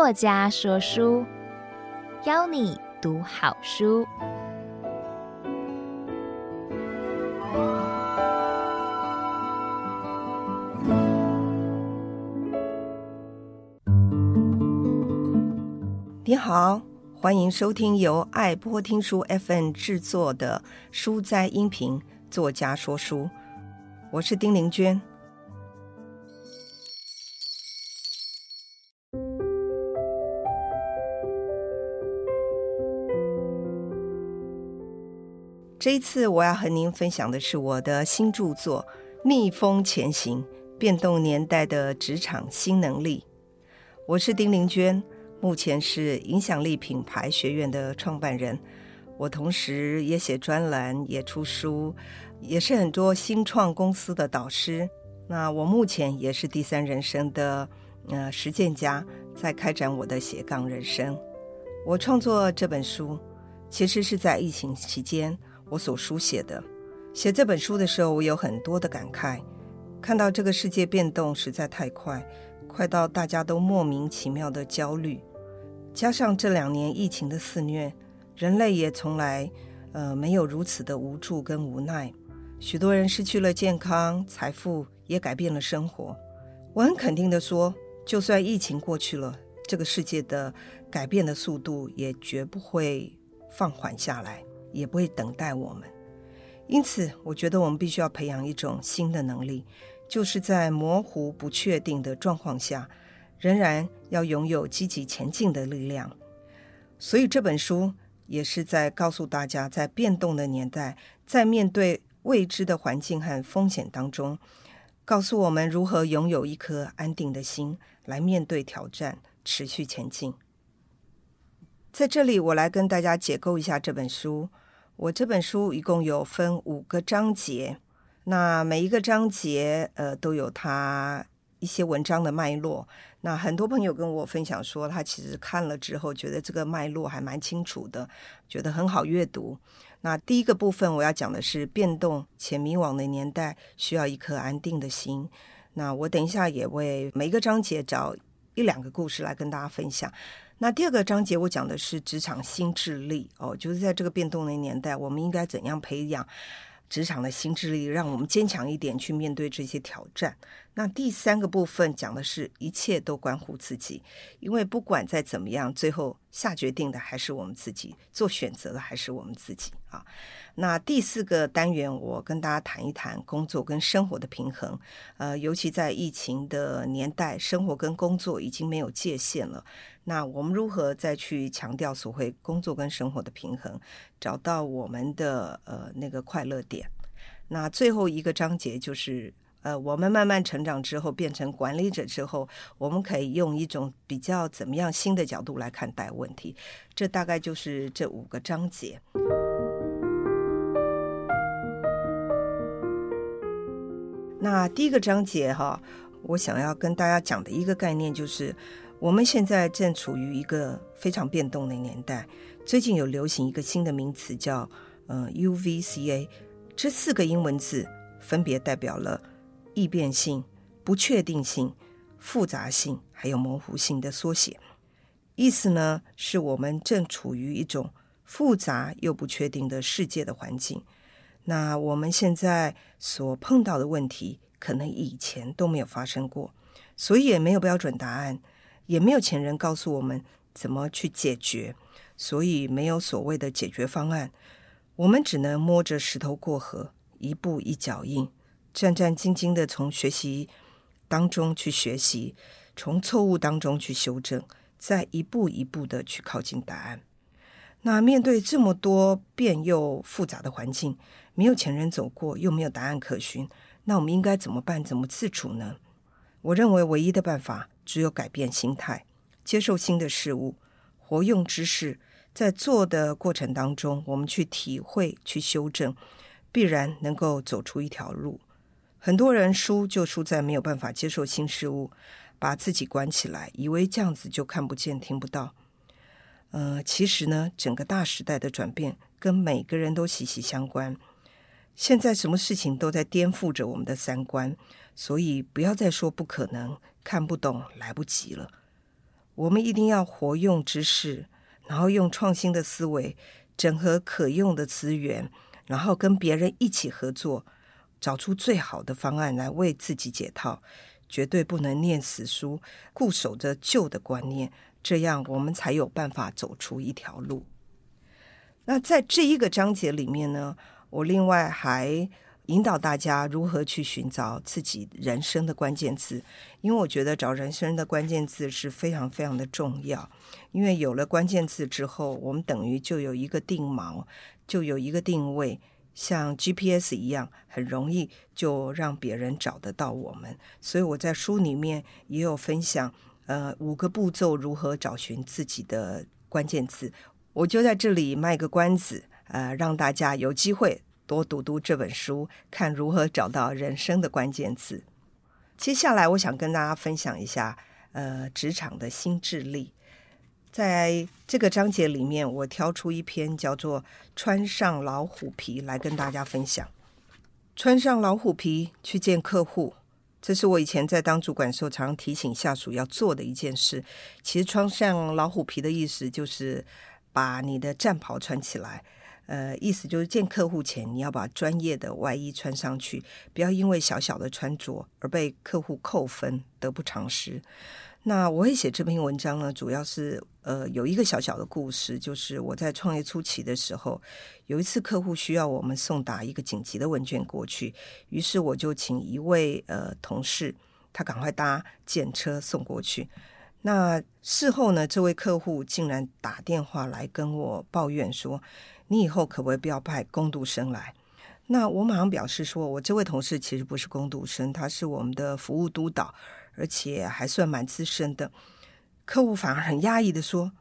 作家說書，邀你讀好書。你好，歡迎收聽由愛播聽書 FM 製作的書摘音頻《作家說書》，我是丁菱娟。這一次我要和您分享的是我的新著作《逆風前行：變動年代的職場新能力》。我是丁菱娟，目前是影響力品牌學院的創辦人。我同時也寫專欄、也出書，也是很多新創公司的導師。那我目前也是第三人生的呃實踐家，在開展我的斜槓人生。我創作這本書，其實是在疫情期間。我所書寫的，寫這本書的時候，我有很多的感慨。看到這個世界變動實在太快，快到大家都莫名其妙的焦慮。加上這兩年疫情的肆虐，人類也從來呃沒有如此的無助跟無奈。許多人失去了健康，財富也改變了生活。我很肯定的說，就算疫情過去了，這個世界的改變的速度也絕不會放緩下來。也不會等待我們，因此，我覺得我們必須要培養一種新的能力，就是在模糊、不確定的狀況下，仍然要擁有積極前進的力量。所以，這本書也是在告訴大家，在變動的年代，在面對未知的環境和風險當中，告訴我們如何擁有一顆安定的心來面對挑戰，持續前進。在這裡，我來跟大家解構一下這本書。我這本書一共有分五個章節，那每一個章節呃都有它一些文章的脈絡。那很多朋友跟我分享說，他其實看了之後覺得這個脈絡還蠻清楚的，覺得很好閱讀。那第一個部分我要講的是變動且迷惘的年代，需要一顆安定的心。那我等一下也為每一個章節找一兩個故事來跟大家分享。那第二個章節我講的是職場新智力哦，就是在這個變動的年代，我們應該怎樣培養職場的新智力，讓我們堅強一點去面對這些挑戰。那第三個部分講的是一切都關乎自己，因為不管再怎麼樣，最後下決定的還是我們自己，做選擇的還是我們自己啊。那第四個單元，我跟大家談一談工作跟生活的平衡。呃，尤其在疫情的年代，生活跟工作已經沒有界限了。那我們如何再去強調所謂工作跟生活的平衡，找到我們的呃那個快樂點？那最後一個章節就是。呃，我們慢慢成長之後，變成管理者之後，我們可以用一種比較怎麼樣新的角度來看待問題。這大概就是這五個章節。那第一個章節哈、啊，我想要跟大家講的一個概念就是，我們現在正處於一個非常變動的年代。最近有流行一個新的名詞，叫“呃 UVCA”，這四個英文字分別代表了。易變性、不確定性、複雜性，還有模糊性的縮寫，意思呢，是我們正處於一種複雜又不確定的世界的環境。那我們現在所碰到的問題，可能以前都沒有發生過，所以也沒有標準答案，也沒有前人告訴我們怎麼去解決，所以沒有所謂的解決方案，我們只能摸着石頭過河，一步一腳印。戰戰兢兢的從學習當中去學習，從錯誤當中去修正，再一步一步的去靠近答案。那面對這麼多變又複雜的環境，沒有前人走過，又沒有答案可循，那我們應該怎麼辦？怎麼自處呢？我認為唯一的辦法只有改變心態，接受新的事物，活用知識，在做的過程當中，我們去體會、去修正，必然能夠走出一條路。很多人輸就輸在沒有辦法接受新事物，把自己關起來，以為這樣子就看不見、聽不到。呃，其實呢，整個大時代的轉變跟每個人都息息相關。現在什麼事情都在顛覆着我們的三觀，所以不要再說不可能、看不懂、來不及了。我們一定要活用知識，然後用創新的思維，整合可用的資源，然後跟別人一起合作。找出最好的方案來為自己解套，絕對不能念死書，固守着舊的觀念，這樣我們才有辦法走出一條路。那在這一個章節裡面呢，我另外還引導大家如何去尋找自己人生的關鍵字，因為我覺得找人生的關鍵字是非常非常的重要，因為有了關鍵字之後，我們等於就有一個定錨，就有一個定位。像 GPS 一樣，很容易就讓別人找得到我們。所以我在書裡面也有分享，呃，五個步驟如何找尋自己的關鍵字。我就在這裡賣個關子，呃，讓大家有機會多讀讀這本書，看如何找到人生的關鍵字。接下來，我想跟大家分享一下，呃，職場的新智力。在這個章節裡面，我挑出一篇叫做《穿上老虎皮》來跟大家分享。穿上老虎皮去見客戶，這是我以前在當主管時候常常提醒下屬要做的一件事。其實，穿上老虎皮的意思就是把你的戰袍穿起來。呃，意思就是見客戶前，你要把專業的外衣穿上去，不要因為小小的穿着而被客戶扣分，得不償失。那我也寫這篇文章呢，主要是呃有一個小小的故事，就是我在創業初期的時候，有一次客戶需要我們送達一個緊急的問卷過去，於是我就請一位呃同事，他趕快搭建車送過去。那事後呢，這位客戶竟然打電話來跟我抱怨說：“你以後可不可以不要派工讀生來？”那我馬上表示說：“我這位同事其實不是工讀生，他是我們的服務督導。”而且還算蠻資深的，客戶反而很壓抑地說：“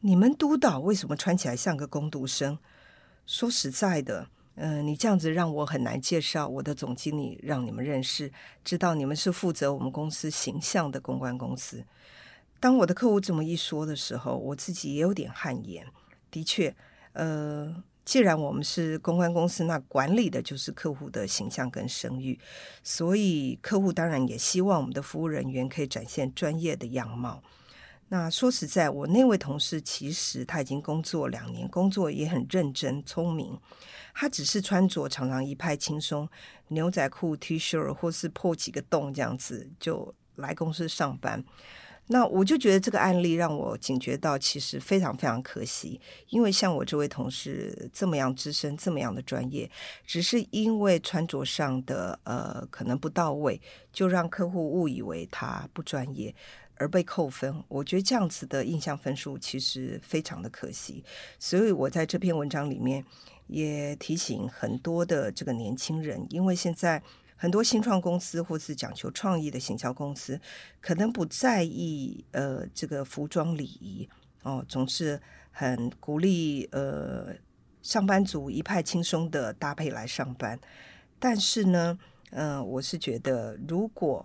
你們督導為什麼穿起來像個工讀生？說實在的，嗯、呃，你這樣子讓我很難介紹我的總經理讓你們認識，知道你們是負責我們公司形象的公關公司。”當我的客戶這麼一說的時候，我自己也有點汗顏。的確，呃。既然我們是公關公司，那管理的就是客戶的形象跟聲譽，所以客戶當然也希望我們的服務人員可以展現專業的樣貌。那說實在，我那位同事其實他已經工作兩年，工作也很認真、聰明。他只是穿着常常一派輕鬆，牛仔褲、T 恤或是破幾個洞這樣子就來公司上班。那我就覺得這個案例讓我警覺到，其實非常非常可惜，因為像我這位同事這麼樣資深、這麼樣的專業，只是因為穿着上的呃可能不到位，就讓客戶誤以為他不專業而被扣分。我覺得這樣子的印象分數其實非常的可惜，所以我在這篇文章裡面也提醒很多的這個年輕人，因為現在。很多新創公司或是講求創意的行銷公司，可能不在意呃這個服裝禮儀哦，總是很鼓勵呃上班族一派輕鬆的搭配來上班。但是呢，嗯，呃，我是覺得如果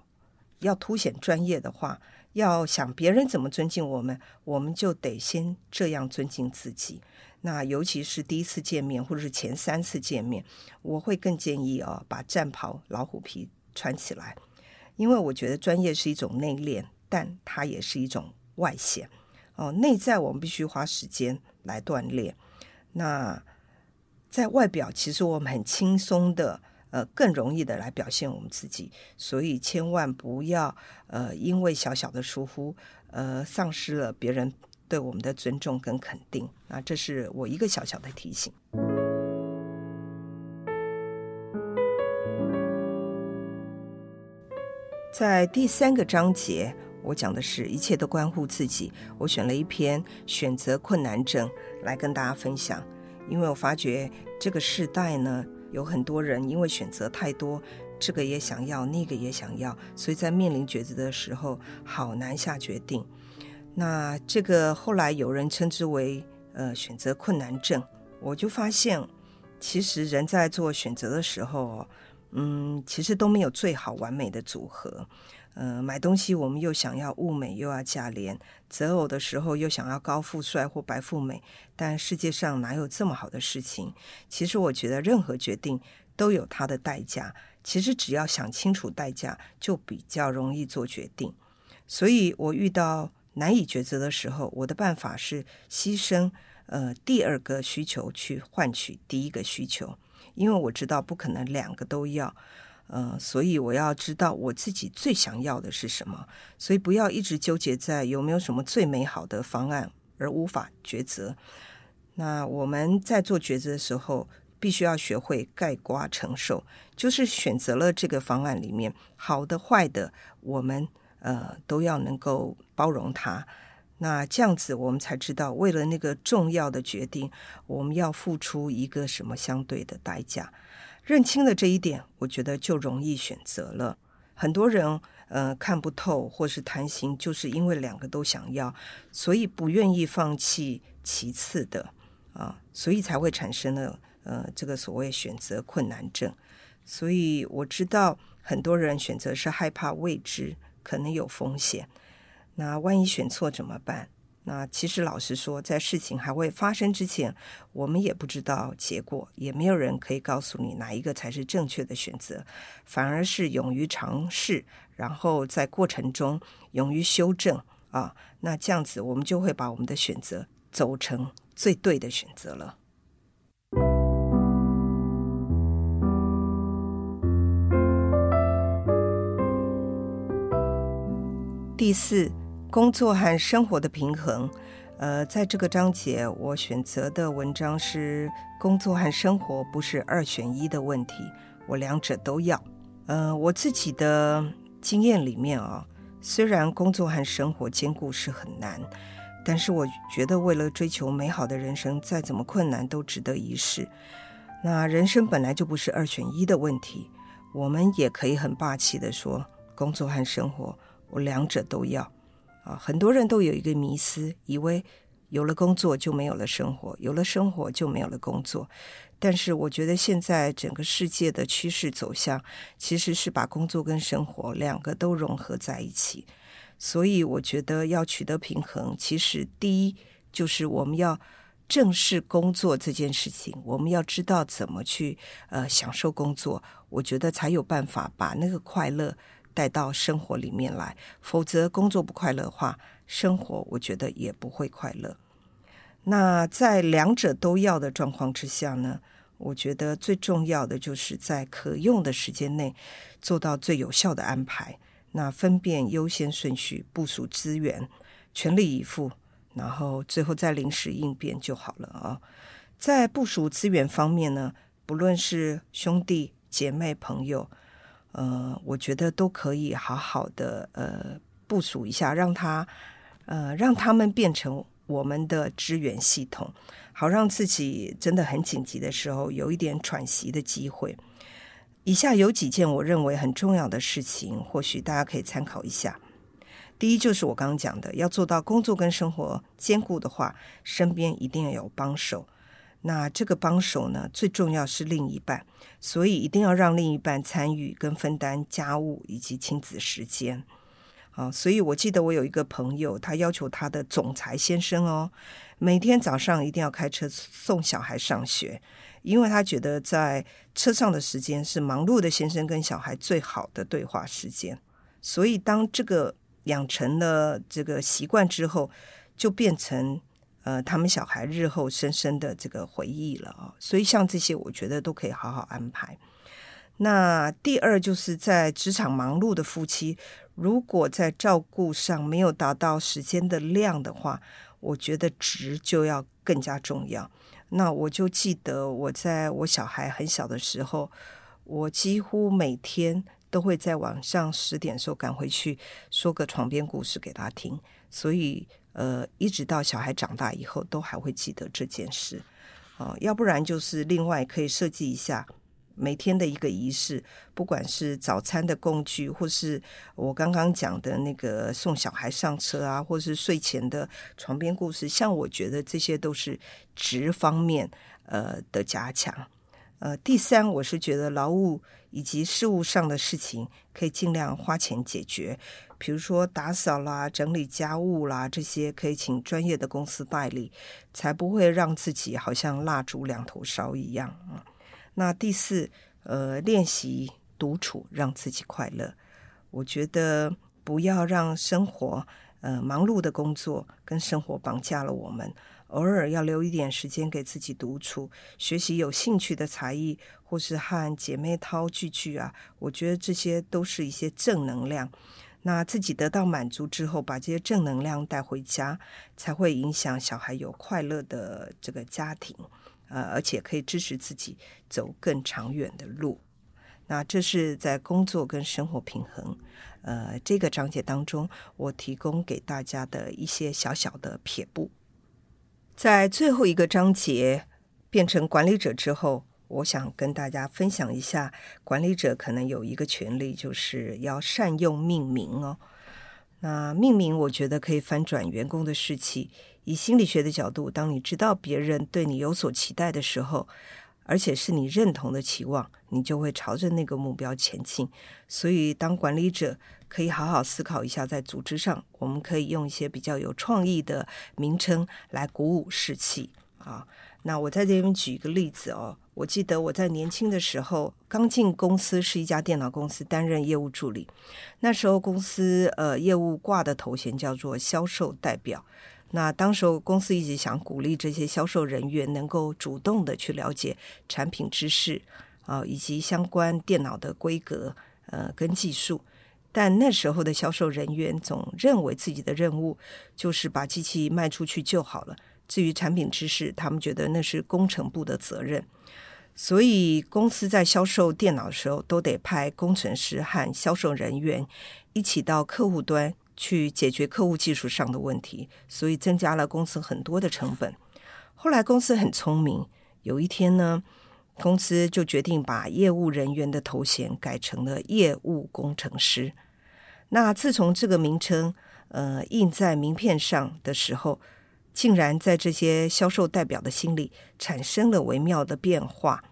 要凸顯專業的話，要想別人怎麼尊敬我們，我們就得先這樣尊敬自己。那尤其是第一次見面或者是前三次見面，我會更建議哦，把戰袍、老虎皮穿起來，因為我覺得專業是一種內斂，但它也是一種外顯。哦，內在我們必須花時間來鍛鍊。那在外表，其實我們很輕鬆的，呃，更容易的來表現我們自己。所以千萬不要，呃，因為小小的疏忽，呃，喪失了別人。對我們的尊重跟肯定啊，這是我一個小小的提醒。在第三個章節，我講的是一切都關乎自己。我選了一篇選擇困難症來跟大家分享，因為我發覺這個時代呢，有很多人因為選擇太多，這個也想要，那個也想要，所以在面臨抉擇的時候，好難下決定。那這個後來有人稱之為呃選擇困難症，我就發現，其實人在做選擇的時候，嗯，其實都沒有最好完美的組合。呃，買東西我們又想要物美又要價廉，擇偶的時候又想要高富帥或白富美，但世界上哪有這麼好的事情？其實我覺得任何決定都有它的代價。其實只要想清楚代價，就比較容易做決定。所以我遇到難以抉擇的時候，我的辦法是犧牲，呃，第二個需求去換取第一個需求，因為我知道不可能兩個都要，嗯、呃，所以我要知道我自己最想要的是什麼，所以不要一直糾結在有沒有什麼最美好的方案而無法抉擇。那我們在做抉擇的時候，必須要學會概括承受，就是選擇了這個方案裡面好的壞的，我們。呃，都要能夠包容他，那這樣子我們才知道，為了那個重要的決定，我們要付出一個什麼相對的代價。認清了這一點，我覺得就容易選擇了。很多人呃看不透，或是貪心，就是因為兩個都想要，所以不願意放棄其次的啊，所以才會產生了呃這個所謂選擇困難症。所以我知道很多人選擇是害怕未知。可能有風險，那萬一選錯怎麼辦？那其實老實說，在事情還未發生之前，我們也不知道結果，也沒有人可以告訴你哪一個才是正確的選擇。反而是勇於嘗試，然後在過程中勇於修正啊，那這樣子我們就會把我們的選擇走成最對的選擇了。第四，工作和生活的平衡。呃，在這個章節，我選擇的文章是工作和生活不是二選一的問題，我兩者都要。呃，我自己的經驗裡面啊、哦，雖然工作和生活兼顧是很難，但是我覺得為了追求美好的人生，再怎麼困難都值得一試。那人生本來就不是二選一的問題，我們也可以很霸氣的說，工作和生活。我兩者都要，啊，很多人都有一個迷思，以為有了工作就沒有了生活，有了生活就沒有了工作。但是我覺得現在整個世界的趨勢走向其實是把工作跟生活兩個都融合在一起。所以我覺得要取得平衡，其實第一就是我們要正視工作這件事情，我們要知道怎麼去呃享受工作，我覺得才有辦法把那個快樂帶到生活裡面來，否則工作不快樂的話，生活我覺得也不會快樂。那在兩者都要的狀況之下呢，我覺得最重要的就是在可用的時間內做到最有效的安排。那分辨優先順序，部署資源，全力以赴，然後最後再臨時應變就好了啊、哦。在部署資源方面呢，不論是兄弟姐妹朋友。呃，我覺得都可以好好的呃部署一下，讓他呃讓他們變成我們的支援系統，好讓自己真的很緊急的時候有一點喘息的機會。以下有幾件我認為很重要的事情，或許大家可以參考一下。第一就是我剛剛講的，要做到工作跟生活兼顧的話，身邊一定要有幫手。那這個幫手呢，最重要是另一半，所以一定要讓另一半參與跟分擔家務以及親子時間，啊、哦，所以我記得我有一個朋友，他要求他的總裁先生哦，每天早上一定要開車送小孩上學，因為他覺得在車上的時間是忙碌的先生跟小孩最好的對話時間，所以當這個養成了這個習慣之後，就變成。呃，他們小孩日後深深的這個回憶了哦，所以像這些，我覺得都可以好好安排。那第二，就是在職場忙碌的夫妻，如果在照顧上沒有達到時間的量的話，我覺得質就要更加重要。那我就記得我在我小孩很小的時候，我幾乎每天都會在晚上十點的時候趕回去說個床邊故事給他聽。所以，呃，一直到小孩長大以後，都還會記得這件事，啊、哦，要不然就是另外可以設計一下每天的一個儀式，不管是早餐的工具，或是我剛剛講的那個送小孩上車啊，或是睡前的床邊故事，像我覺得這些都是職方面呃的加強。呃，第三，我是覺得勞務以及事務上的事情可以盡量花錢解決，比如說打掃啦、整理家務啦這些，可以請專業的公司代理，才不會讓自己好像蠟燭兩頭燒一樣。嗯，那第四，呃，練習獨處，讓自己快樂。我覺得不要讓生活，呃，忙碌的工作跟生活綁架了我們。偶爾要留一點時間給自己獨處，學習有興趣的才藝，或是和姐妹淘聚聚啊，我覺得這些都是一些正能量。那自己得到滿足之後，把這些正能量帶回家，才會影響小孩有快樂的這個家庭，呃，而且可以支持自己走更長遠的路。那這是在工作跟生活平衡，呃，這個章節當中，我提供給大家的一些小小的撇步。在最後一個章節變成管理者之後，我想跟大家分享一下，管理者可能有一個權利，就是要善用命名哦。那命名，我覺得可以翻轉員工的士氣。以心理學的角度，當你知道別人對你有所期待的時候，而且是你認同的期望，你就會朝着那個目標前進。所以，當管理者，可以好好思考一下，在組織上，我們可以用一些比較有創意的名稱來鼓舞士氣啊。那我在這邊舉一個例子哦。我記得我在年輕的時候，剛進公司是一家電腦公司，擔任業務助理。那時候公司呃，業務掛的頭銜叫做銷售代表。那當時候公司一直想鼓勵這些銷售人員能夠主動的去了解產品知識啊，呃，以及相關電腦的規格呃，跟技術。但那時候的銷售人員總認為自己的任務就是把機器賣出去就好了。至於產品知識，他們覺得那是工程部的責任。所以公司在銷售電腦的時候，都得派工程師和銷售人員一起到客戶端去解決客戶技術上的問題，所以增加了公司很多的成本。後來公司很聰明，有一天呢，公司就決定把業務人員的頭銜改成了業務工程師。那自從這個名稱，呃，印在名片上的時候，竟然在這些銷售代表的心裡產生了微妙的變化。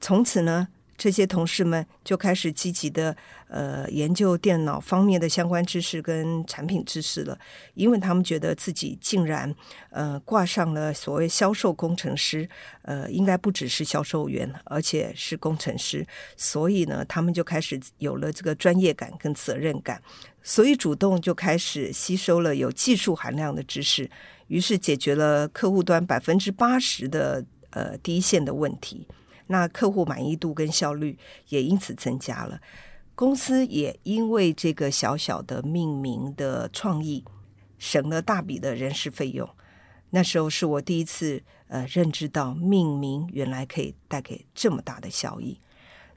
從此呢，這些同事們就開始積極地呃研究電腦方面的相關知識跟產品知識了，因為他們覺得自己竟然呃掛上了所謂銷售工程師，呃，應該不只是銷售員，而且是工程師，所以呢，他們就開始有了這個專業感跟責任感，所以主動就開始吸收了有技術含量的知識，於是解決了客戶端百分之八十的呃第一線的問題。那客戶滿意度跟效率也因此增加了，公司也因為這個小小的命名的創意，省了大筆的人事費用。那時候是我第一次呃認知到命名原來可以帶給這麼大的效益。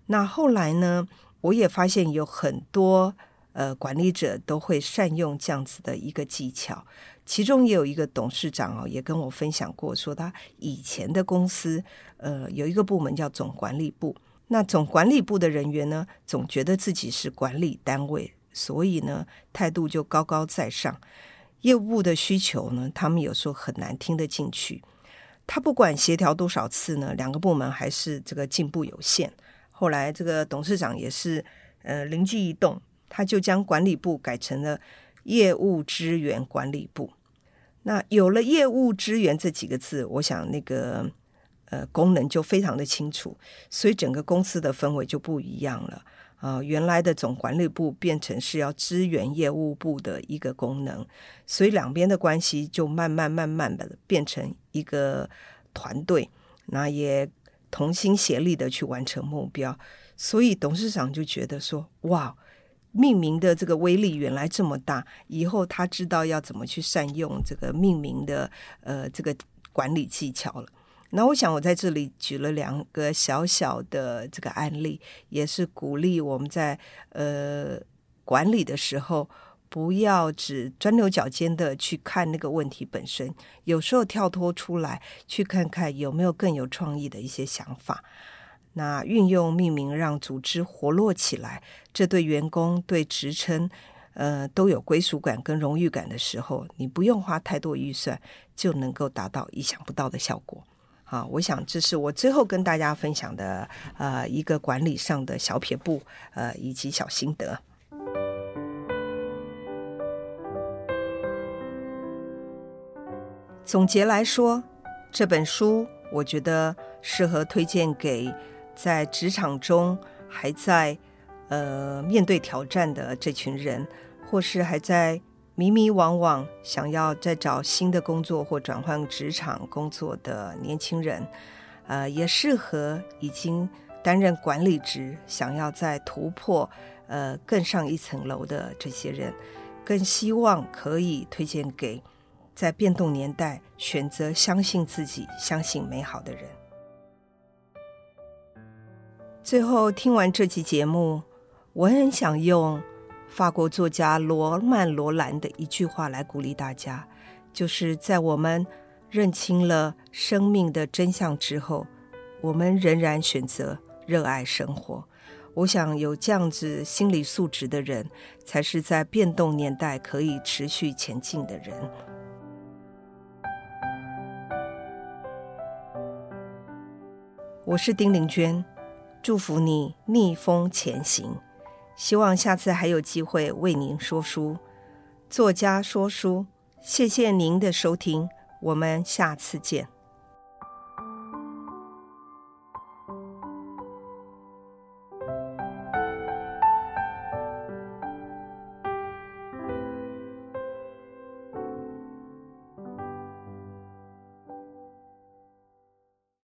那後來呢，我也發現有很多。呃，管理者都會善用這樣子的一個技巧，其中也有一個董事長哦，也跟我分享過，說他以前的公司，呃，有一個部門叫總管理部，那總管理部的人員呢，總覺得自己是管理單位，所以呢，態度就高高在上，業務部的需求呢，他們有時候很難聽得進去，他不管協調多少次呢，兩個部門還是這個進步有限，後來這個董事長也是，呃，靈機一動。他就將管理部改成了業務支援管理部。那有了“業務支援”這幾個字，我想那個呃功能就非常的清楚，所以整個公司的氛圍就不一樣了啊、呃。原來的總管理部變成是要支援業務部的一個功能，所以兩邊的關係就慢慢慢慢的變成一個團隊，那也同心協力的去完成目標。所以董事長就覺得說：“哇！”命名的這個威力原來這麼大，以後他知道要怎麼去善用這個命名的呃這個管理技巧了。那我想我在這裡舉了兩個小小的這個案例，也是鼓勵我們在呃管理的時候，不要只鑽牛角尖的去看那個問題本身，有時候跳脫出來去看看有沒有更有創意的一些想法。那運用命名讓組織活絡起來，這對員工對職稱，呃，都有歸屬感跟榮譽感的時候，你不用花太多預算就能夠達到意想不到的效果。好，我想這是我最後跟大家分享的，呃，一個管理上的小撇步，呃，以及小心得。總結來說，這本書我覺得適合推薦給。在職場中還在呃面對挑戰的這群人，或是還在迷迷惘惘想要再找新的工作或轉換職場工作的年輕人，呃，也適合已經擔任管理職想要再突破呃更上一層樓的這些人，更希望可以推薦給在變動年代選擇相信自己、相信美好的人。最後聽完這期節目，我很想用法國作家羅曼·羅蘭的一句話來鼓勵大家，就是在我們認清了生命的真相之後，我們仍然選擇熱愛生活。我想有這樣子心理素質的人，才是在變動年代可以持續前進的人。我是丁菱娟。祝福你逆風前行，希望下次還有機會為您說書。作家說書，謝謝您的收聽，我們下次見。